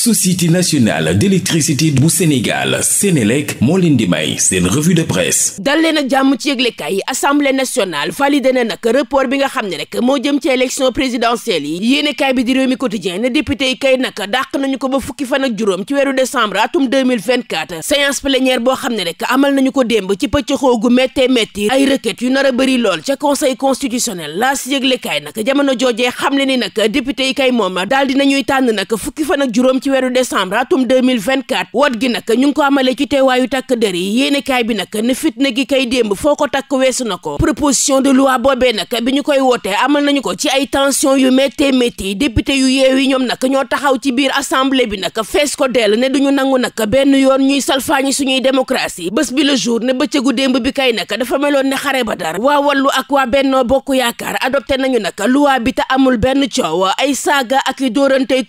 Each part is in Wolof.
société nationale d'électricité bu Sénégal Sénélec moo yi assemblée nationale validé na bi nga xam ne rek moo jëm ci élection présidentielle yi yéenekaay bi di Rewmi Quotidien ne député yi kay nag dàq nañu ko ba fukki fan ak juróom ci weeru décembre atum 2024 séance plénière boo xam ne rek amal nañu ko démb ci pëccëxoo gu méttee métti ay requêtes yu nar a bëri lool ca conseil constitutionnel laa si yëglekaay nag jamono joojee xam le ni nag député yi kay moom daal dinañuy tànn nag fukki fan ak juróom ci ci weeru décembre atum 2024 gi nag ñu ko amalee ci teewaayu takk der yi yéenekaay bi nag ne fitna gi kay démb foo ko takk weesu na proposition de loi boobee nag bi ñoo taxaw ci biir assemblée bi nag fees ko dell ne duñu nangu nag benn yoon ñuy salfaañi suñuy démocratie bés bi le jour ne bëccëgu démb bi kay nag dafa meloon ne xare ba dara waa wallu ak waa bennoo bokk yaakaar adopté nañu nag loi bi te amul benn coow ay saaga ak i dóorantey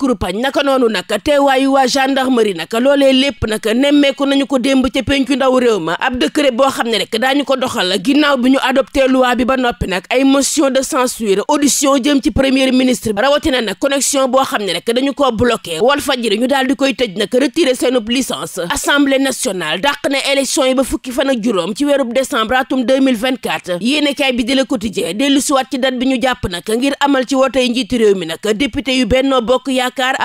teewaayu waa gendarmerie nag loolee lépp nag nemmeeku nañu ko démb ca pencu ndaw réew ma ab décret boo xam ne rek daañu ko doxal ginnaaw bi ñu adopté loi bi ba noppi nag ay motion de censure audition jëm ci premier ministre rawatina nag connexion boo xam ne rek dañu ko koo bloqué Walfadjri ñu daal di koy tëj nag retiré seenub licence assemblée nationale dàq na élection yi ba fukki fan ak juróom ci weerub décembre atum 2024 yéenekaay bi di Le Quotidien dellu siwaat ci date bi ñu jàpp nag ngir amal ci wootey njiitu réew mi nag député yu Benno Bokk Yaakaar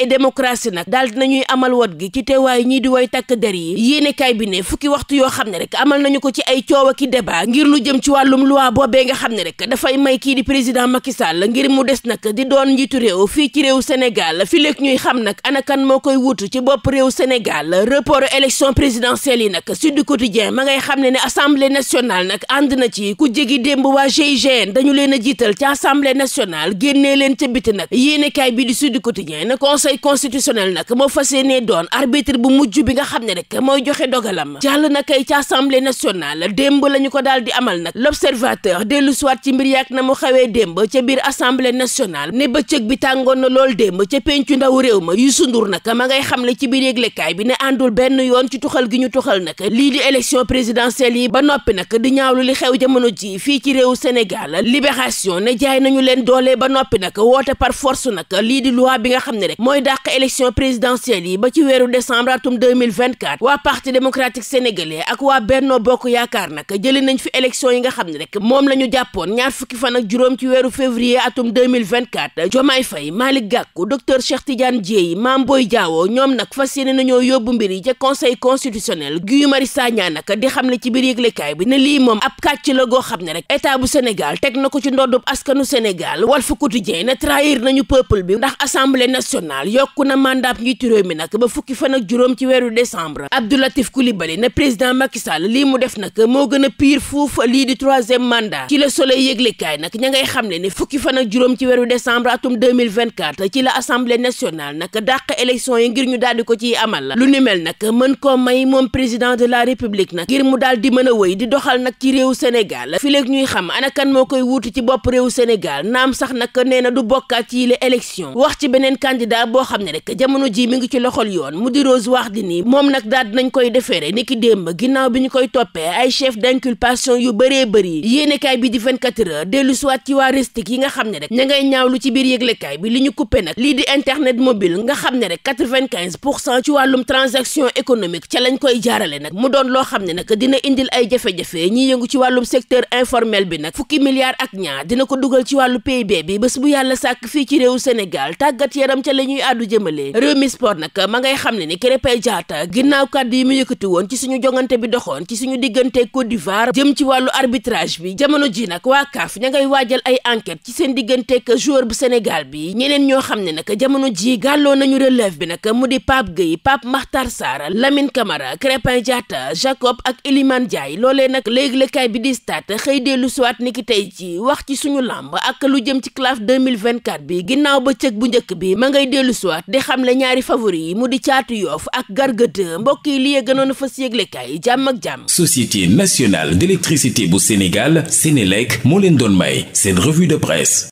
et démocratie nag daal dinañuy amal wot gi ci teewaay ñii di way takk der yi yéenekaay bi ne fukki waxtu yoo xam ne rek amal nañu ko ci ay coow ak ngir lu jëm ci wàllum lu loi boobee nga xam ne rek dafay may kii di président Macky Sall ngir mu des nag di doon njiitu réew fii ci réew Sénégal fi léeg ñuy xam nag anakan moo koy wuutu ci bopp réew Sénégal report élection présidentielle yi nag Sud Quotidien ma ngay xam ne ne assemblée nationale nag ànd na ci ku jégi démb waa GIGN dañu leen a jiital ci assemblée nationale génnee leen ca biti nag yéenekaay bi di Sud Quotidien conseil constitutionnel nag moo fas yéenee doon arbitre bu mujj bi nga xam ne rek mooy joxe dogalam jàll na kay ci assemblée nationale démb la ñu ko daal di amal nag l' observateur dellu siwaat ci mbir yàgg na mu xawee démb ca biir assemblée national ne bëccëg bi tàngoon na loolu démb ca pencu ndaw réew ma yu sundur nag ma ngay xam xamle ci biir yëglekaay bi ne àndul benn yoon ci tuxal gi ñu tuxal nag lii di élection présidentielle yi ba noppi nag di ñaawlu li xew jamono ji fii ci réewu Sénégal libération ne jaay nañu leen doole ba noppi nag woote par nag lii di loi bi nga xam ne mooy dàq élection présidentielle yi ba ci weeru décembre atum 2024 waa parti démocratique sénégalais ak waa Benno Bokk Yaakaar nag jëlee nañ fi élection yi nga xam ne rek moom la ñu jàppoon ñaar fukki fan ak juróom ci weeru février atum 2024 Diomaye Faye Malick Gakou docteur Cheikh Tidiane Dièye maam booy jaawoo ñoom nag fas yéene nañoo yóbbu mbir yi ca conseil constitutionnel Guy Marius Sagna nag di xam ne ci biir yëglekaay bi ne lii moom ab kàcc la goo xam ne rek état bu Sénégal teg na ko ci ndoddub askanu Sénégal Walf Quotidien ne trahir nañu bi ndax assemblée nationale yokk na mandat njiitu réew mi nag ba fukki fan ak juróom ci weeru décembre Abdoulatif Coulibaly na président Macky Sall lii mu def nag moo gën a pire fuuf lii di troisième mandat ci la Soleil yëglekaay nag ña ngay xam ne ne fukki fanak juróom ci weeru décembre atum 2024 ci la assemblée nationale nag dàq élection yi ngir ñu daal di ko ciy amal lu ni mel nag mën koo may moom président de la république nag ngir mu daal di mën a wëy di doxal nag ci réew Sénégal fi léegi ñuy xam ana kan moo koy wuutu ci bopp réew Sénégal naam sax nag nee na du bokkaat ci les élections ci beneen boo xam ne rek jamono ji mi ngi ci loxol yoon mu di Rose Wardini moom nag daal dinañ koy defeere niki démb ginnaaw bi ñu koy toppee ay chef d'inculpation yu bëree bëri yéenekaay bi di 24 heures dellu siwaat ci waa Restic yi nga xam ne rek ña ngay ñaawlu ci biir yëglekaay bi li ñu coupé nag lii di internet mobile nga xam ne rek 95 pour cent ci wàllum transaction économique ca lañ koy jaarale nag mu doon loo xam ne nag dina indil ay jafe-jafe ñi yëngu ci wàllum secteur informel bi nag fukki milliards ak ñaar dina ko dugal ci wàllu PIB bi bés bu yàlla sàkk fii ci réew Sénégal tàggat yaram ca la ñuy àddu jëmale réew mi sport nag ma ngay xam ne ni Krépin Diatta ginnaaw kàddu yi mu yëkkati woon ci suñu jongante bi doxoon ci suñu diggante Côte d'Ivoire jëm ci wàllu arbitrage bi jamono ji nag waa CAF ña ngay waajal ay enquête ci seen diggante ak joueur bu Sénégal bi ñeneen ñoo xam ne nag jamono ji gàlloo nañu relève bi nag mu di Pape Gueye Pape Makhtar Sarr Lamine Camara Krépin Diatta Jacob ak Iliman Ndiaye loolee nag léegi lekkaay bi di stade xëy dellu siwaat ni tey ci wax ci suñu làmb ak lu jëm ci CLAF 2024 bi ginnaaw ba cëg bu njëkk bi ma ngay dellu dellu di xam le ñaari favori yi mu di caatu yoof ak gargade mbokk yi li gënoon a fas yëglekaay jàmm ak jàmm société nationale d'électricité bu Sénégal Sénélec moo leen doon may seen revue de presse